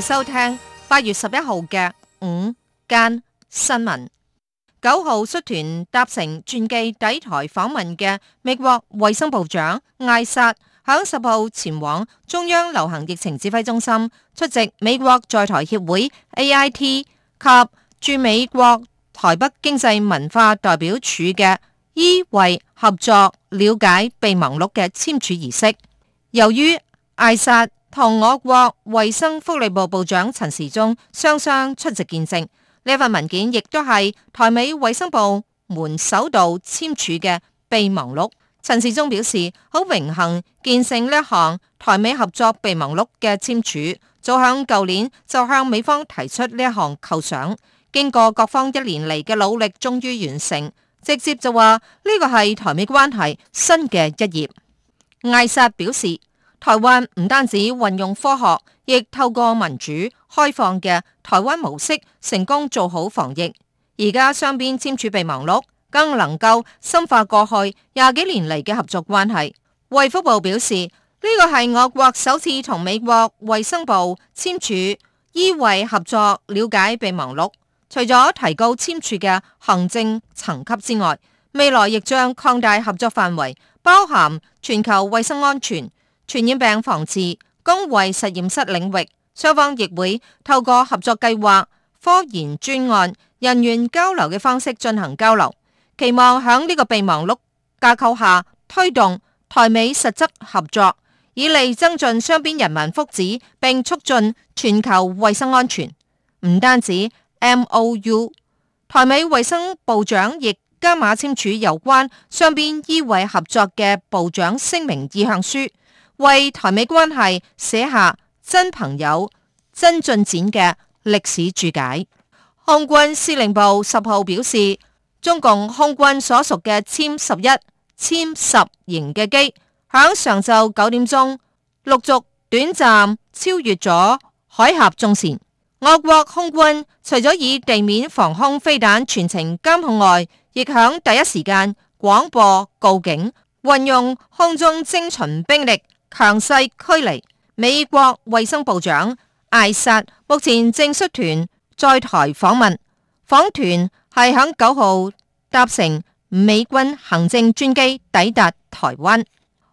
收聽八月十一號嘅午間新聞。九號率團搭乘專機抵台訪問嘅美國衛生部長艾薩，響十號前往中央流行疫情指揮中心出席美國在台協會 AIT 及駐美國台北經濟文化代表處嘅醫衛合作了解備忘錄嘅簽署儀式。由於艾薩。同我國衛生福利部部長陳時中雙雙出席見證呢份文件，亦都係台美衛生部門首度簽署嘅備忘錄。陳時中表示：好榮幸見證呢項台美合作備忘錄嘅簽署，早響舊年就向美方提出呢一項構想，經過各方一年嚟嘅努力，終於完成。直接就話呢個係台美關係新嘅一頁。艾薩表示。台灣唔單止運用科學，亦透過民主開放嘅台灣模式成功做好防疫。而家雙邊簽署備忘錄，更能夠深化過去廿幾年嚟嘅合作關係。衛福部表示，呢個係我國首次同美國衛生部簽署醫衛合作了解備忘錄。除咗提高簽署嘅行政層級之外，未來亦將擴大合作範圍，包含全球衛生安全。傳染病防治公衛實驗室領域，雙方亦會透過合作計劃、科研專案、人員交流嘅方式進行交流，期望響呢個備忘錄架構下推動台美實質合作，以利增進雙邊人民福祉，並促進全球衛生安全。唔單止 MOU，台美衛生部長亦加碼簽署有關雙邊醫衛合作嘅部長聲明意向書。為台美關係寫下真朋友、真進展嘅歷史注解。空軍司令部十號表示，中共空軍所屬嘅殲十一、殲十型嘅機，響上晝九點鐘陸續短暫超越咗海峽中線。我國空軍除咗以地面防空飛彈全程監控外，亦響第一時間廣播告警，運用空中精巡兵力。強勢驅離。美國衛生部長艾薩目前正率團在台訪問，訪團係喺九號搭乘美軍行政專機抵達台灣。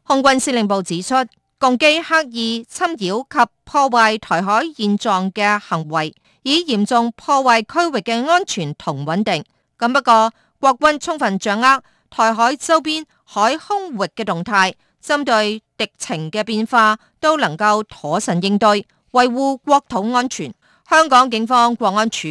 空軍司令部指出，共機刻意侵擾及破壞台海現狀嘅行為，已嚴重破壞區域嘅安全同穩定。咁不過，國軍充分掌握台海周邊海空域嘅動態，針對。敵情嘅變化都能夠妥善應對，維護國土安全。香港警方國安處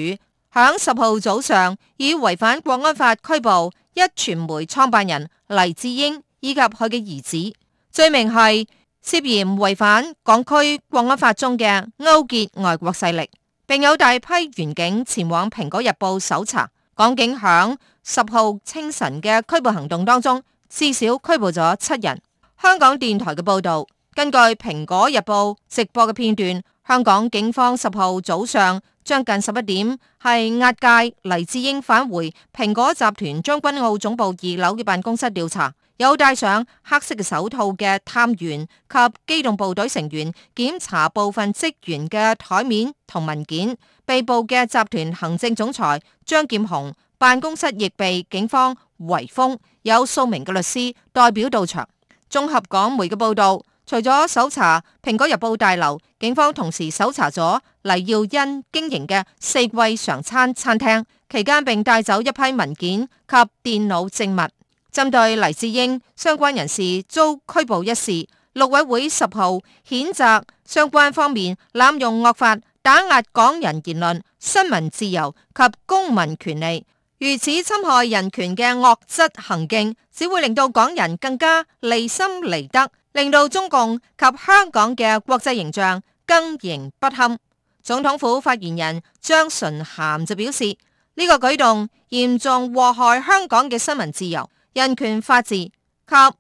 響十號早上以違反國安法拘捕一傳媒創辦人黎智英以及佢嘅兒子，罪名係涉嫌違反港區國安法中嘅勾結外國勢力，並有大批員警前往蘋果日報搜查。港警響十號清晨嘅拘捕行動當中，至少拘捕咗七人。香港電台嘅報道，根據蘋果日報直播嘅片段，香港警方十號早上將近十一點係押解黎智英返回蘋果集團將軍澳總部二樓嘅辦公室調查，有戴上黑色嘅手套嘅探員及機動部隊成員檢查部分職員嘅台面同文件。被捕嘅集團行政總裁張劍雄辦公室亦被警方圍封，有數名嘅律師代表到場。綜合港媒嘅報道，除咗搜查蘋果日報大樓，警方同時搜查咗黎耀恩經營嘅四季常餐餐廳，期間並帶走一批文件及電腦證物。針對黎智英相關人士遭拘捕一事，陸委會十號譴責相關方面濫用惡法，打壓港人言論、新聞自由及公民權利。如此侵害人權嘅惡質行徑，只會令到港人更加離心離德，令到中共及香港嘅國際形象更形不堪。總統府發言人張純涵就表示：呢個舉動嚴重禍害香港嘅新聞自由、人權法治及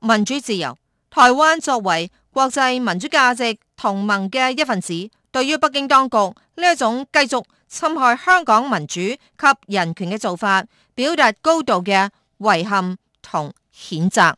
民主自由。台灣作為國際民主價值同盟嘅一份子，對於北京當局呢一種繼續侵害香港民主及人權嘅做法，表達高度嘅遺憾同譴責。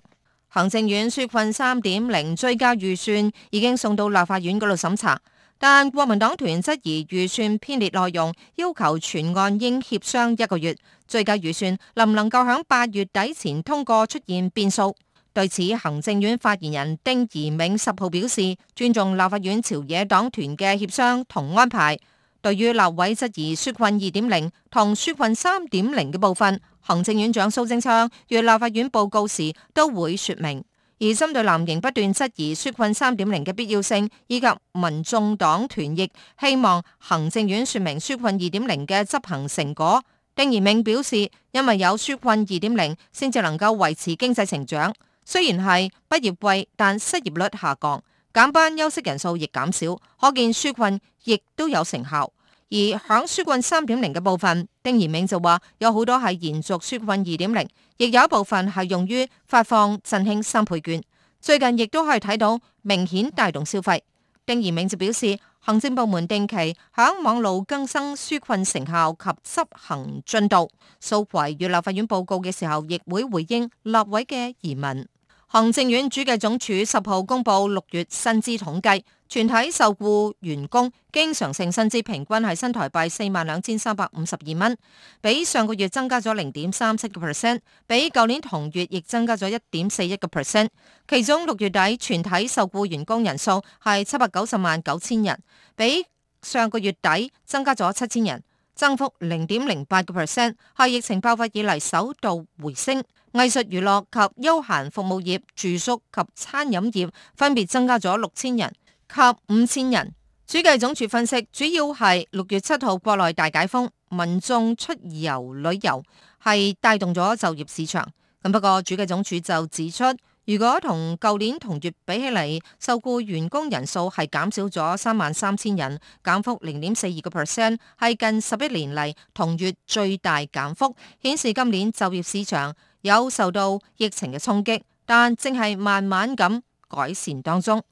行政院紓困三點零追加預算已經送到立法院嗰度審查，但國民黨團質疑預算編列內容，要求全案應協商一個月。追加預算能唔能夠響八月底前通過出現變數？對此，行政院發言人丁怡銘十號表示，尊重立法院朝野黨團嘅協商同安排。對於立委質疑紓困二點零同紓困三點零嘅部分，行政院長蘇貞昌於立法院報告時都會說明。而針對藍營不斷質疑紓困三點零嘅必要性，以及民眾黨團亦希望行政院說明紓困二點零嘅執行成果，丁怡銘表示，因為有紓困二點零，先至能夠維持經濟成長。雖然係畢業季，但失業率下降。減班休息人數亦減少，可見紓困亦都有成效。而響紓困3.0嘅部分，丁怡銘就話有好多係延續紓困2.0，亦有一部分係用於發放振興三倍券。最近亦都可以睇到明顯帶動消費。丁怡銘就表示，行政部門定期響網路更新紓困成效及執行進度，蘇揆赴立法院報告嘅時候，亦會回應立委嘅疑問。行政院主計總署十號公布六月薪資統計，全體受雇員工經常性薪資平均係新台幣四萬兩千三百五十二蚊，比上個月增加咗零點三七個 percent，比舊年同月亦增加咗一點四一個 percent。其中六月底全體受雇員工人數係七百九十萬九千人，比上個月底增加咗七千人，增幅零點零八個 percent，係疫情爆發以嚟首度回升。藝術娛樂及休閒服務業、住宿及餐飲業分別增加咗六千人及五千人。主計總處分析，主要係六月七號國內大解封，民眾出遊旅遊係帶動咗就業市場。咁不過主計總處就指出，如果同舊年同月比起嚟，受僱員工人數係減少咗三萬三千人，減幅零點四二個 percent，係近十一年嚟同月最大減幅，顯示今年就業市場有受到疫情嘅衝擊，但正係慢慢咁改善當中。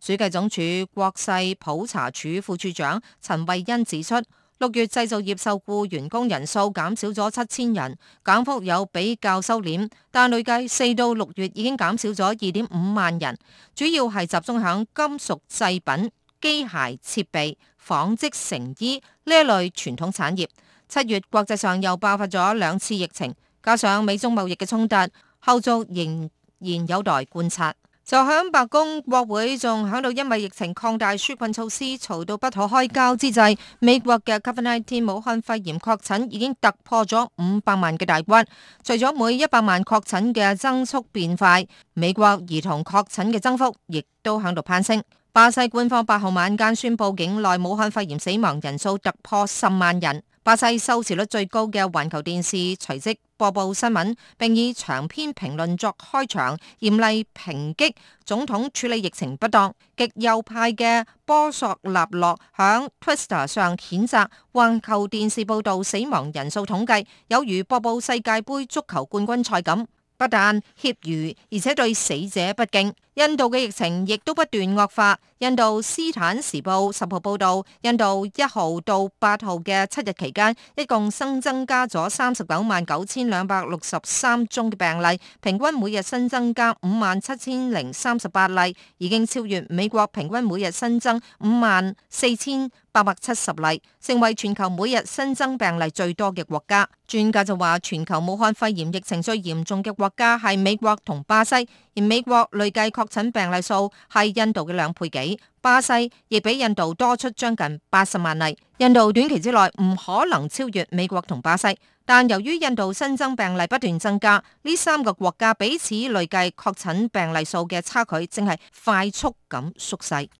主計總署國勢普查處副處長陳慧欣指出，六月製造業受雇員工人數減少咗七千人，減幅有比較收斂，但累計四到六月已經減少咗二點五萬人，主要係集中喺金屬製品、機械設備、紡織成衣呢一類傳統產業。七月國際上又爆發咗兩次疫情。加上美中貿易嘅衝突後續仍然有待觀察。就喺白宮、國會仲響度，因為疫情擴大紓困措施，吵到不可開交之際，美國嘅 COVID-19 武漢肺炎確診已經突破咗五百萬嘅大關。除咗每一百萬確診嘅增速變快，美國兒童確診嘅增幅亦都響度攀升。巴西官方八號晚間宣佈，境內武漢肺炎死亡人數突破十萬人。巴西收視率最高嘅環球電視隨即。播報新聞，並以長篇評論作開場，嚴厲抨擊總統處理疫情不當。極右派嘅波索納洛響 Twitter 上譴責環球電視報道死亡人數統計有如播報世界杯足球冠軍賽咁，不但怯如，而且對死者不敬。印度嘅疫情亦都不斷惡化。印度《斯坦時報》十號報道，印度一號到八號嘅七日期間，一共新增加咗三十九萬九千兩百六十三宗嘅病例，平均每日新增加五萬七千零三十八例，已經超越美國平均每日新增五萬四千八百七十例，成為全球每日新增病例最多嘅國家。專家就話，全球武漢肺炎疫情最嚴重嘅國家係美國同巴西，而美國累計確。確診病例數係印度嘅兩倍幾，巴西亦比印度多出將近八十萬例。印度短期之內唔可能超越美國同巴西，但由於印度新增病例不斷增加，呢三個國家彼此累計確診病例數嘅差距正系快速咁縮細。